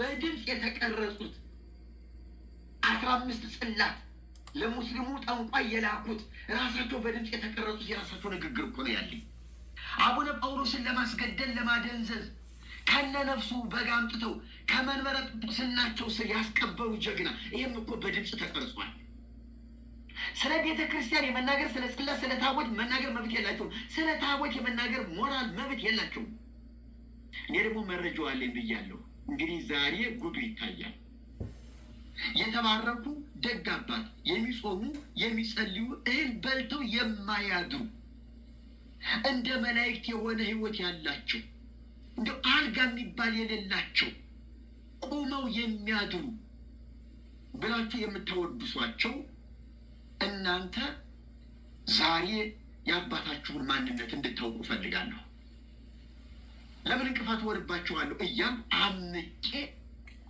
በድምፅ የተቀረጹት አስራ አምስት ጽላት ለሙስሊሙ ጠንቋይ የላኩት ራሳቸው በድምፅ የተቀረጹት የራሳቸው ንግግር እኮ ነው ያለኝ። አቡነ ጳውሎስን ለማስገደል ለማደንዘዝ ከነ ነፍሱ በጋ አምጥተው ከመንበረ ጵጵስናቸው ስር ያስቀበሩ ጀግና። ይህም እኮ በድምፅ ተቀርጿል። ስለ ቤተ ክርስቲያን የመናገር ስለ ጽላት፣ ስለ ታቦት መናገር መብት የላቸውም። ስለ ታቦት የመናገር ሞራል መብት የላቸውም። እኔ ደግሞ መረጃው አለኝ ብያለሁ። እንግዲህ ዛሬ ጉዱ ይታያል። የተባረኩ ደግ አባት፣ የሚጾሙ የሚጸልዩ፣ እህል በልተው የማያድሩ እንደ መላእክት የሆነ ህይወት ያላቸው እንደ አልጋ የሚባል የሌላቸው ቆመው የሚያድሩ ብላችሁ የምታወድሷቸው እናንተ ዛሬ የአባታችሁን ማንነት እንድታውቁ እፈልጋለሁ። ለምን እንቅፋት ወርባችኋለሁ እያም አምቄ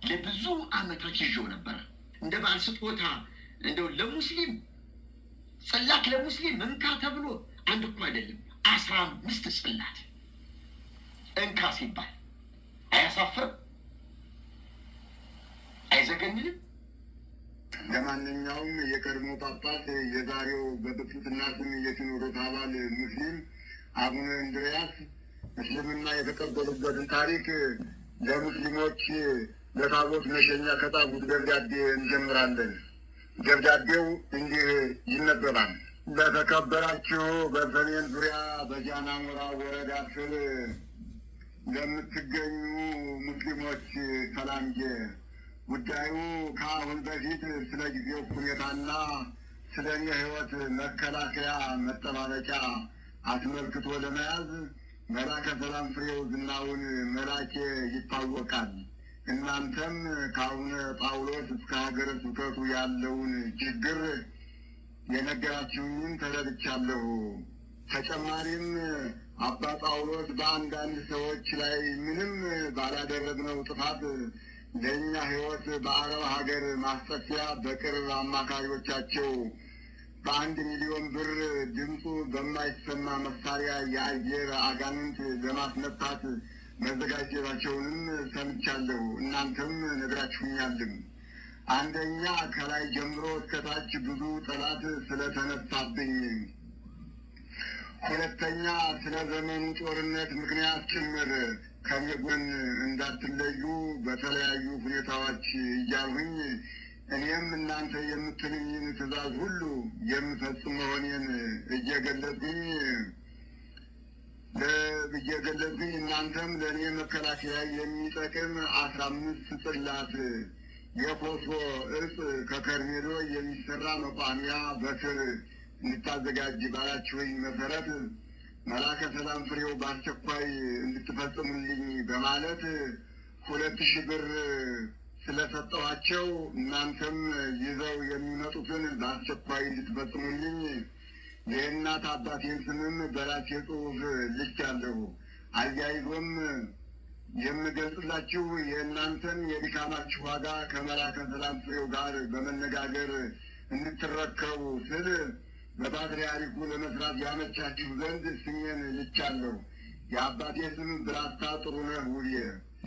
ለብዙ ዓመታት ይዤው ነበረ። እንደ ባል ስጦታ እንደው ለሙስሊም ጽላት ለሙስሊም እንካ ተብሎ አንድ እኮ አይደለም አስራ አምስት ጽላት እንካ ሲባል አያሳፍርም? አይዘገንንም? ለማንኛውም የቀድሞ ጳጳስ የዛሬው በብፍትናትም የትኖረት አባል ሙስሊም አቡነ እንድርያስ እስልምና የተቀበሉበትን ታሪክ ለሙስሊሞች ለታቦት መሸኛ ከጻፉት ደብዳቤ እንጀምራለን። ደብዳቤው እንዲህ ይነበባል። ለተከበራችሁ በሰሜን ዙሪያ በጃና ሞራ ወረዳ ስር ለምትገኙ ሙስሊሞች ሰላምጌ። ጉዳዩ ከአሁን በፊት ስለ ጊዜው ሁኔታና ስለ እኔ ሕይወት መከላከያ መጠባበቂያ አስመልክቶ ለመያዝ መላከ ሰላም ፍሬው ዝናውን መላኬ ይታወቃል። እናንተም ከአቡነ ጳውሎስ እስከ ሀገረ ስብከቱ ያለውን ችግር የነገራችሁኝን ተረድቻለሁ። ተጨማሪም አባ ጳውሎስ በአንዳንድ ሰዎች ላይ ምንም ባላደረግነው ጥፋት ለእኛ ሕይወት በአረብ ሀገር ማስጠፊያ በቅርብ አማካሪዎቻቸው በአንድ ሚሊዮን ብር ድምፁ በማይሰማ መሳሪያ የአየር አጋንንት ለማስነሳት መዘጋጀታቸውንም ሰምቻለሁ። እናንተም ነግራችሁኛልም። አንደኛ ከላይ ጀምሮ እስከታች ብዙ ጠላት ስለተነሳብኝ፣ ሁለተኛ ስለ ዘመኑ ጦርነት ምክንያት ጭምር ከኔ ጎን እንዳትለዩ በተለያዩ ሁኔታዎች እያልሁኝ እኔም እናንተ የምትልኝን ትእዛዝ ሁሉ የምፈጽም መሆኔን እየገለጽኩኝ እየገለጽኩኝ እናንተም ለእኔ መከላከያ የሚጠቅም አስራ አምስት ጽላት የኮሶ እጽ ከከርሜሎ የሚሰራ መቋሚያ በስር እንድታዘጋጅ ባላችሁኝ መሰረት መላከ ሰላም ፍሬው በአስቸኳይ እንድትፈጽሙልኝ በማለት ሁለት ሺህ ብር ስለሰጠኋቸው እናንተም ይዘው የሚመጡትን በአስቸኳይ እንድትፈጽሙልኝ የእናት አባቴን ስምም በራሴ ጽሑፍ ልኬያለሁ። አያይዞም የምገልጽላችሁ የእናንተን የድካማችሁ ዋጋ ከመላከ ሰላም ፍሬው ጋር በመነጋገር እንድትረከቡ ስል በፓትርያርኩ ለመስራት ያመቻችሁ ዘንድ ስሜን ልቻለሁ። የአባቴ ስም ብራታ ጥሩነህ ውብዬ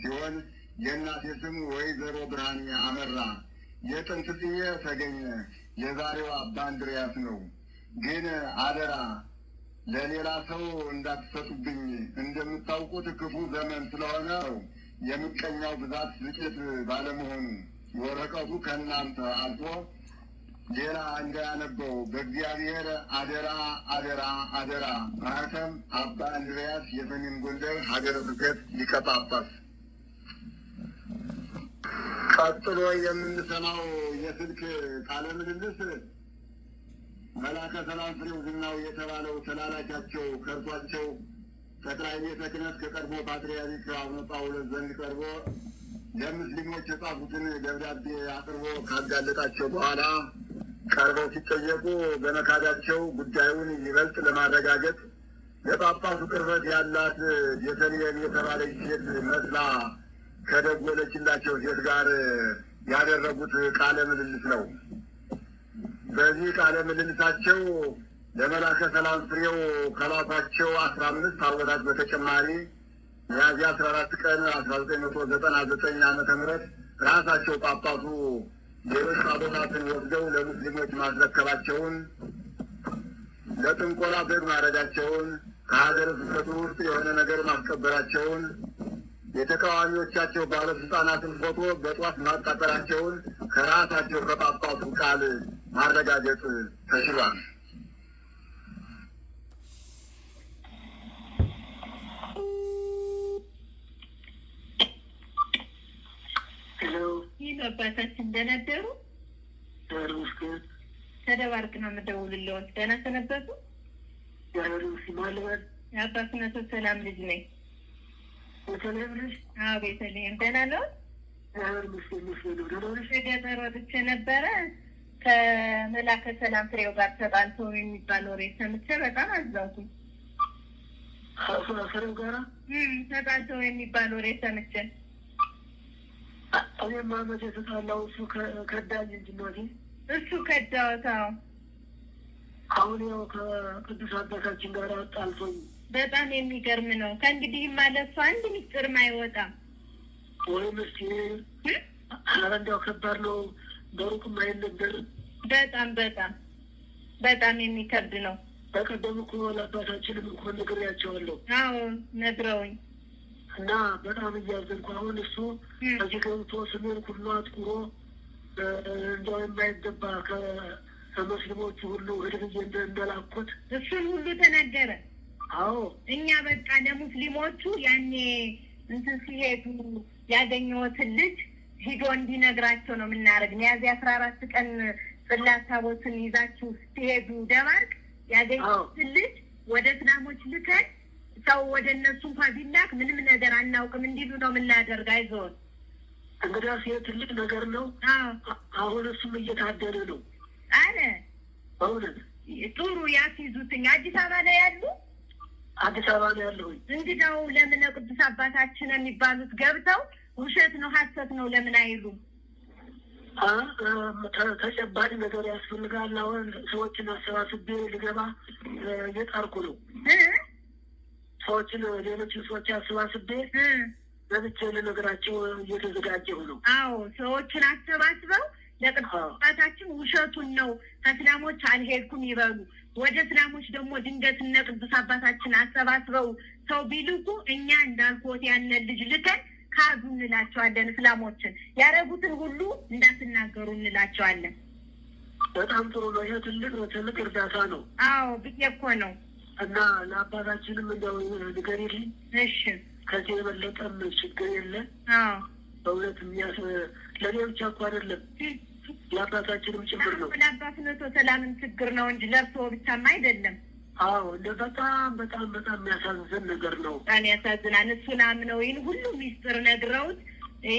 ሲሆን የእናቴ ስም ወይዘሮ ብርሃኔ አመራ የጥንት ጽዬ ተገኘ የዛሬው አባ እንድርያስ ነው። ግን አደራ ለሌላ ሰው እንዳትሰጡብኝ። እንደምታውቁት ክፉ ዘመን ስለሆነ የምቀኛው ብዛት ዝቂት ባለመሆኑ ወረቀቱ ከእናንተ አልፎ ሌላ እንዳያነበው በእግዚአብሔር አደራ አደራ አደራ። ማህተም አባ እንድርያስ የሰሜን ጎንደር ሀገረ ስብከት ሊቀ ጳጳስ ቀጥሎ የምንሰማው የስልክ ቃለ ምልልስ መላከ ሰላም ፍሬው ዝናው የተባለው ተላላቻቸው ከርሷቸው ጠቅላይ ቤተ ክህነት ከቀድሞ ፓትርያርክ አቡነ ጳውሎስ ዘንድ ቀርቦ ለሙስሊሞች የጻፉትን ደብዳቤ አቅርቦ ካጋለጣቸው በኋላ ቀርበው ሲጠየቁ በመካዳቸው ጉዳዩን ይበልጥ ለማረጋገጥ የጳጳሱ ቅርበት ያላት ቤተልሔም የተባለች ሴት መስላ ከደጎለችላቸው ሴት ጋር ያደረጉት ቃለ ምልልስ ነው። በዚህ ቃለ ምልልሳቸው ለመላከ ሰላም ፍሬው ከላኳቸው አስራ አምስት አርበታት በተጨማሪ ሚያዝያ አስራ አራት ቀን አስራ ዘጠኝ መቶ ዘጠና ዘጠኝ ዓመተ ምህረት ራሳቸው ጳጳሱ ሌሎች አቦታትን ወስደው ለሙስሊሞች ማስረከባቸውን ለጥንቆላ በግ ማረዳቸውን ከሀገረ ስብከቱ ውስጥ የሆነ ነገር ማስቀበራቸውን የተቃዋሚዎቻቸው ባለስልጣናትን ፎቶ በጧፍ ማቃጠላቸውን ከራሳቸው ከጳጳሱ ቃል ማረጋገጥ ተችሏል። ይህ እንደነበሩ ተደባርቅ ነው የምደውልልዎት። ደህና ሰነበቱ። አባ ሰላም ልጅ ነኝ። ቤተልሔም ነሽ? ነበረ ከመላከ ሰላም ፍሬው ጋር ተጣልተው የሚባል ወሬ ሰምቼ በጣም አዘንኩኝ። ፍሬው ጋራ ተጣልተው የሚባል ወሬ ሰምቼ እኔማ መቼ ተጣላው? እሱ ከዳኝ እንጂ እናቴ እሱ ከዳወታው። አሁን ያው ከቅዱስ አባታችን ጋር ጣልቶኝ በጣም የሚገርም ነው። ከእንግዲህ ማለት ሰው አንድ ሚስጥርም አይወጣም። ወይ ምስኪ እንዲያው ከባድ ነው። በሩቅ አይነገር። በጣም በጣም በጣም የሚከብድ ነው። በቀደም እኮ ለአባታችንም እንኳን ነግሬያቸዋለሁ። አዎ ነግረውኝ እና በጣም እያዘንኩ አሁን እሱ እዚህ ገብቶ ስሜን ሁሉ አጥቁሮ እንዲያው የማይገባ ከሙስሊሞቹ ሁሉ ህድብዬ እንደላኩት እሱን ሁሉ ተነገረ። አዎ እኛ በቃ ለሙስሊሞቹ ያኔ እንትን ሲሄዱ ያገኘሁትን ልጅ ሂዶ እንዲነግራቸው ነው የምናደርግ። ሚያዝያ አስራ አራት ቀን ጽላት ታቦትን ይዛችሁ ስትሄዱ ደባርቅ ያገኘሁትን ልጅ ወደ እስላሞች ልከን ሰው ወደ እነሱ እንኳ ቢላክ ምንም ነገር አናውቅም እንዲሉ ነው የምናደርግ። አይዞን እንግዲያስ ይሄ ትልቅ ነገር ነው። አሁን እሱም እየታደረ ነው አለ። አሁን ጥሩ ያስይዙትኝ አዲስ አበባ ላይ ያሉ አዲስ አበባ ነው ያለሁ። እንግዲያው ለምን ቅዱስ አባታችን የሚባሉት ገብተው ውሸት ነው ሀሰት ነው ለምን አይሉም? ተጨባጭ ነገር ያስፈልጋል። አሁን ሰዎችን አሰባስቤ ልገባ እየጣርኩ ነው። ሰዎችን ሌሎችን ሰዎች አሰባስቤ ለብቻ ልነግራቸው እየተዘጋጀው ነው። አዎ ሰዎችን አሰባስበው ለቅዱስ አባታችን ውሸቱን ነው ተስላሞች አልሄድኩም ይበሉ ወደ እስላሞች ደግሞ ድንገት እነ ቅዱስ አባታችን አሰባስበው ሰው ቢልኩ እኛ እንዳልኮት ያንን ልጅ ልከን ካዱ እንላቸዋለን። እስላሞችን ያደረጉትን ሁሉ እንዳትናገሩ እንላቸዋለን። በጣም ጥሩ ነው። ይሄ ትልቅ ነው፣ ትልቅ እርዳታ ነው። አዎ ብዬ እኮ ነው። እና ለአባታችንም እንደው ንገሪልኝ። እሺ፣ ከዚህ የበለጠም ችግር የለ። በእውነት ለእኔ ብቻ እኮ አይደለም የአባታችንም ችግር ነው። ለአባትነቶ ሰላምን ችግር ነው እንጂ ለርሶ ብቻም አይደለም። አዎ በጣም በጣም በጣም የሚያሳዝን ነገር ነው። በጣም ያሳዝናል። እሱን አምነው ይህን ሁሉ ሚስጥር ነግረውት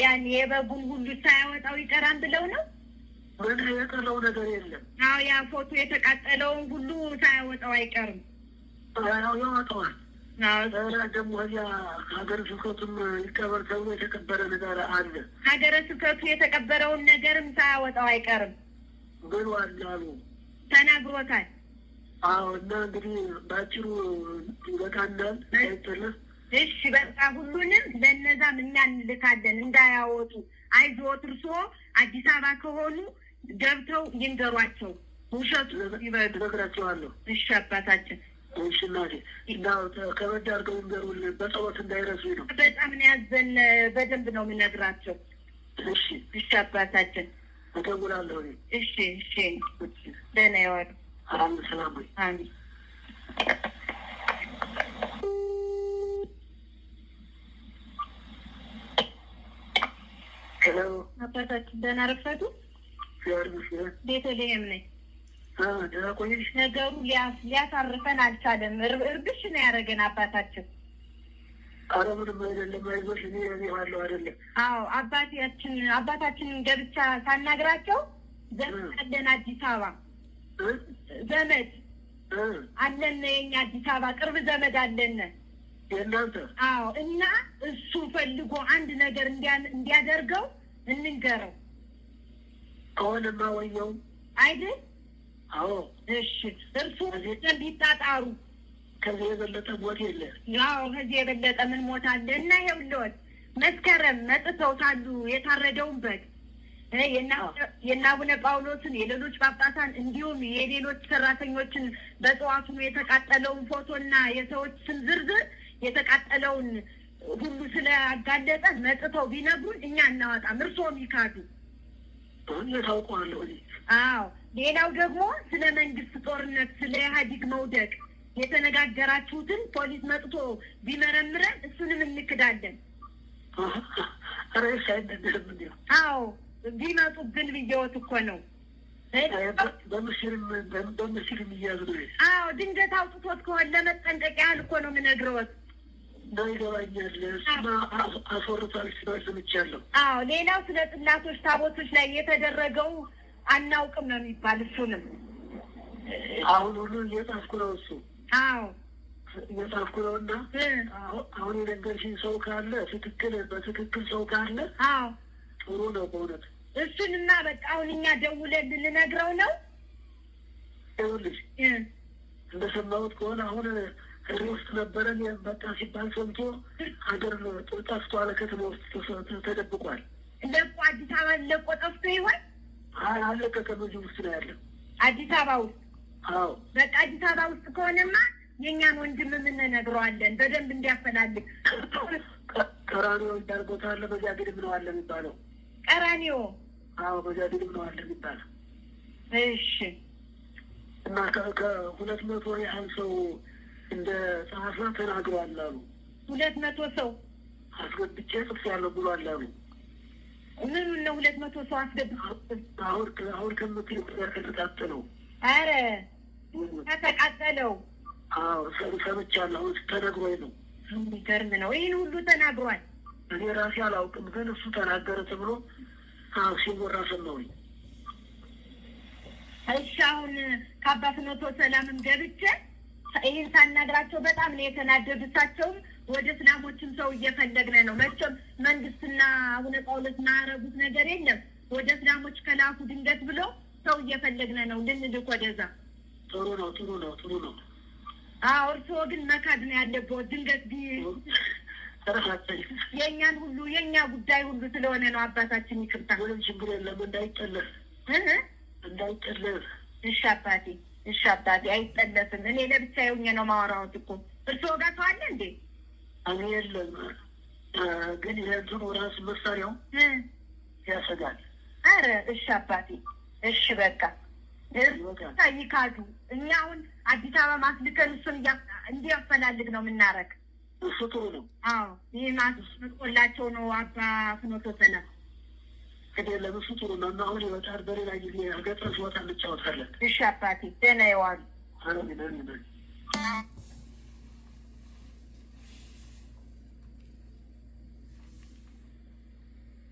ያን የበጉን ሁሉ ሳያወጣው ይቀራን ብለው ነው። ምን የቀረው ነገር የለም። አዎ ያ ፎቶ የተቃጠለውን ሁሉ ሳያወጣው አይቀርም። ያወጣዋል እና ደግሞ እዚያ ሀገረ ስብከቱም ይቀበር ተብሎ የተቀበረ ነገር አለ። ሀገረ ስብከቱ የተቀበረውን ነገርም ሳያወጣው አይቀርም ብሏል አሉ ተናግሮታል። አዎ እና እንግዲህ በአጭሩ ይበቃናል። ይጥል እሺ፣ በቃ ሁሉንም ለእነዛም እኛ እንልካለን እንዳያወጡ። አይዞት እርስዎ አዲስ አበባ ከሆኑ ገብተው ይንገሯቸው። ውሸቱ ይበ ነግራቸዋለሁ። እሺ አባታችን ሽናቴ እና ከበድ አድርገው ንገሩን። በጸሎት እንዳይረሱኝ ነው። በጣም ነው ያዘን። በደንብ ነው የምነግራቸው። እሺ፣ እሺ አባታችን እደውላለሁ። እሺ፣ እሺ። ደህና ይዋሉ። አሜን። ሰላም ወይ? አሜን። ሄሎ አባታችን፣ ደህና ረፈቱ። ቤተልሔም ነኝ ቆየሽ ነገሩ ሊያሳርፈን አልቻለም። እርብሽ ነው ያደረገን አባታችን። ኧረ ምንም አይደለም፣ አይዞሽ እኔ አይደለም። አዎ አባታችን አባታችንን ገብቻ ሳናግራቸው ዘመድ አለን አዲስ አበባ ዘመድ አለን የኛ አዲስ አበባ ቅርብ ዘመድ አለን አዎ እና እሱ ፈልጎ አንድ ነገር እንዲያደርገው እንንገረው ከሆነማ ወየው አይደል አዎ እሺ። እርሱ ቢጣጣሩ ከዚህ የበለጠ ሞት የለ። ያው ከዚህ የበለጠ ምን ሞት አለ? እና ይኸውልዎት መስከረም መጥተውታሉ የታረደውን በግ የእነ አቡነ ጳውሎስን የሌሎች ጳጳሳን እንዲሁም የሌሎች ሰራተኞችን በጠዋቱ የተቃጠለውን ፎቶና የሰዎች ስም ዝርዝር የተቃጠለውን ሁሉ ስለአጋለጠ መጥተው ቢነግሩን እኛ እናወጣም። እርስዎም ይካዱ ታውቀዋለሁ። አዎ ሌላው ደግሞ ስለ መንግስት ጦርነት፣ ስለ ኢህአዲግ መውደቅ የተነጋገራችሁትን ፖሊስ መጥቶ ቢመረምረን እሱንም እንክዳለን። አዎ ቢመጡብን ብየወት እኮ ነው። በምስል የሚያዝ ነው። አዎ ድንገት አውጥቶት ከሆን ለመጠንቀቅ ያህል እኮ ነው የምነግረወት። ይገባኛል። አስወርታል ስሰምቻለሁ። አዎ ሌላው ስለ ጥላቶች ታቦቶች ላይ የተደረገው አናውቅም ነው የሚባል። እሱንም አሁን ሁሉ እየጻፍኩ ነው። እሱ አዎ እየጻፍኩ ነው እና አሁን የነገርሽኝ ሰው ካለ ትክክል፣ በትክክል ሰው ካለ አዎ ጥሩ ነው በእውነት። እሱንማ በቃ አሁን እኛ ደውለን ልነግረው ነው። ይኸውልሽ እንደሰማሁት ከሆነ አሁን ህሪ ውስጥ ነበረን መጣ ሲባል ሰምቶ ሀገር ጠፍቶ አለ ውስጥ ተደብቋል። ለቆ አዲስ አበባ ለቆ ጠፍቶ ይሆን አለቀ ከበዚ ውስጥ ነው ያለው አዲስ አበባ ውስጥ። አዎ በቃ አዲስ አበባ ውስጥ ከሆነማ የእኛን ወንድም የምንነግረዋለን በደንብ እንዲያፈላልግ። ቀራኒዮ ይባል ቦታ አለ በዚያ ግድብ ነው አለ የሚባለው። ቀራኒዮ አዎ፣ በዚያ ግድብ ነው አለ የሚባለው። እሺ እና ከሁለት መቶ ያህል ሰው እንደ ጸሐፊ ተናግሯል አሉ። ሁለት መቶ ሰው አስገብቼ ጽፌያለሁ ብሏል አሉ ምኑ ነው ሁለት መቶ ሰው አሁን ከምትለው ጋር ከተቃጠለው፣ አረ ከተቃጠለው ሰምቻለሁ። አሁን ተነግሮኝ ነው። የሚገርም ነው። ይህን ሁሉ ተናግሯል። እኔ ራሴ አላውቅም፣ ግን እሱ ተናገረ ተብሎ ሲወራ ሰማሁኝ። እሺ አሁን ከአባት መቶ ሰላምም ገብቼ ይህን ሳናግራቸው በጣም ነው የተናደዱሳቸውም ወደ እስላሞችም ሰው እየፈለግነ ነው። መቼም መንግስትና አቡነ ጳውሎስ ማያረጉት ነገር የለም። ወደ እስላሞች ከላኩ ድንገት ብሎ ሰው እየፈለግነ ነው ልንልክ ወደዛ። ጥሩ ነው፣ ጥሩ ነው፣ ጥሩ ነው። አዎ እርስዎ ግን መካድ ነው ያለበት። ድንገት የእኛን ሁሉ የእኛ ጉዳይ ሁሉ ስለሆነ ነው አባታችን። ይቅርታ። ምንም ችግር የለም። እንዳይጠለፍ እንዳይጠለፍ። እሺ አባቴ፣ እሺ አባቴ፣ አይጠለፍም። እኔ ለብቻ የሆኜ ነው ማወራውት እኮ እርስዎ ጋር ሰው አለ እንዴ? እኔ የለም ግን የእንትኑ ራስ መሳሪያው ያሰጋል። አረ እሺ አባቴ እሺ በቃ ይካዱ። እኛ አሁን አዲስ አበባ ማስልከን እሱን እንዲያፈላልግ ነው የምናረግ። እሱ ጥሩ ነው። አዎ ይህ ማስቆላቸው ነው አባ ፍኖቶ ሰላም እንግዲህ ለምሱ ጥሩ ነው እና አሁን ይወጣል። በሌላ ጊዜ ገጠር ሲወጣ እንጫወታለን። እሺ አባቴ ደህና ይዋሉ።